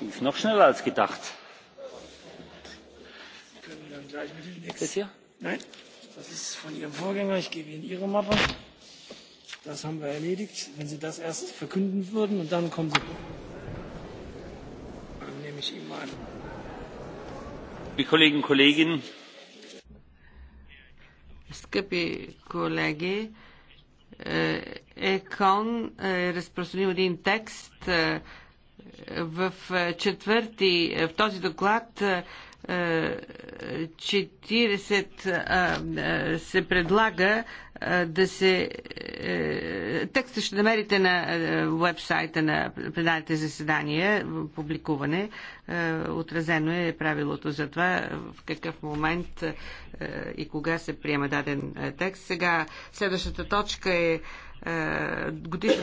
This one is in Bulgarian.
Die noch schneller als gedacht. Können wir dann gleich mit dem nächsten. Das hier? Nein, das ist von Ihrem Vorgänger. Ich gebe Ihnen Ihre Mappe. Das haben wir erledigt. Wenn Sie das erst verkünden würden und dann kommen Sie. Dann nehme ich Ihnen mal an. Liebe Kolleginnen und Kollegen, Скъпи колеги, ЕКОН е разпространил един текст, в е, четвърти, е, в този доклад 40 е, се предлага да се... Текста ще намерите на вебсайта на пленарните заседания, публикуване. Отразено е правилото за това, в какъв момент и кога се приема даден текст. Сега следващата точка е годишно